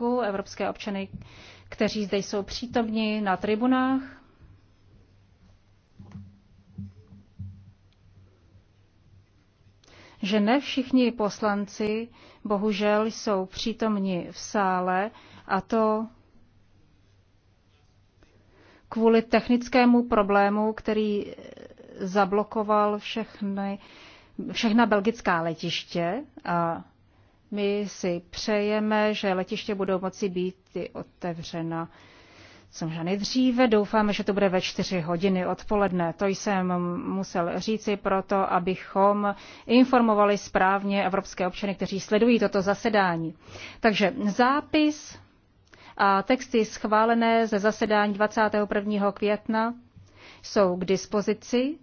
Švédsku, evropské občany, kteří zde jsou přítomni na tribunách. že ne všichni poslanci bohužel jsou přítomni v sále a to kvůli technickému problému, který eh, zablokoval všechny, všechna belgická letiště a my si přejeme, že letiště budou moci být i otevřena co možná nejdříve. Doufáme, že to bude ve čtyři hodiny odpoledne. To jsem musel říci proto, abychom informovali správně evropské občany, kteří sledují toto zasedání. Takže zápis a texty schválené ze zasedání 21. května jsou k dispozici